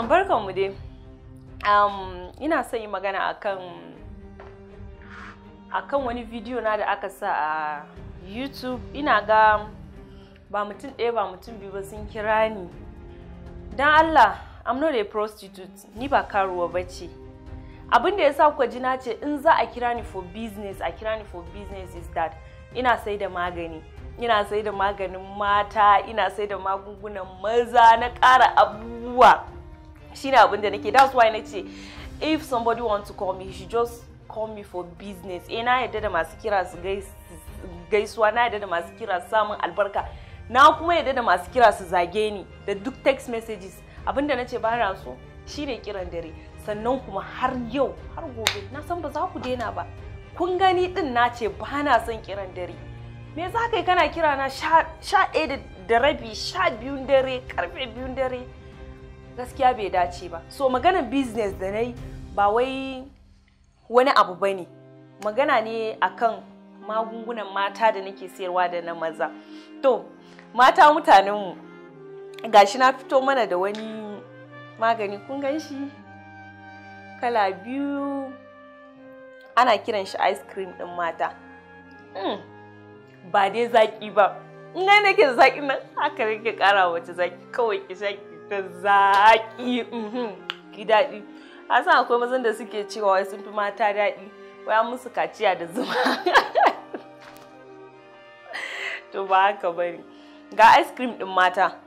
mu dai um, ina son yi magana akan akan wani bidiyo na da aka sa a youtube ina ga ba mutum ɗaya ba mutum biyu ba sun kira ni don allah i'm not a prostitute ni ba karuwa ba ce abin da ya sa kuka ji na ce in za a kira ni for business a kira ni for business is that ina sai da magani ina sai da maganin mata ina sai da magungunan maza na ƙara abubuwa shine abin da nake that's why nace if somebody want to call me she just call me for business eh na yadda da masu kira su gaisuwa na yadda da masu kira samun albarka na kuma yadda da masu kira su zage ni da duk text messages abinda nace ba na so shine kiran dare sannan kuma har yau har gobe na san ba za ku daina ba kun gani din na ce ba na son kiran dare me za ka yi kana kira na sha ɗaya da rabi sha biyun dare karfe biyun dare gaskiya bai dace ba so maganar business da na yi ba wai wani abu ba ne magana ne akan magungunan mata da nake sayarwa da na maza to mata mutanenmu gashi na fito mana da wani magani kun gan shi kala biyu ana kiran shi ice cream din mata hmm. ba dai zaki ba ina nake zaki nan haka nake kara wace zaki kawai ki zaki da zaƙi mhm, ki daɗi a san akwai mazan da suke cewa wai sun fi mata daɗi wai musu kaciya da zuma to ba haka bari ga ice cream ɗin mata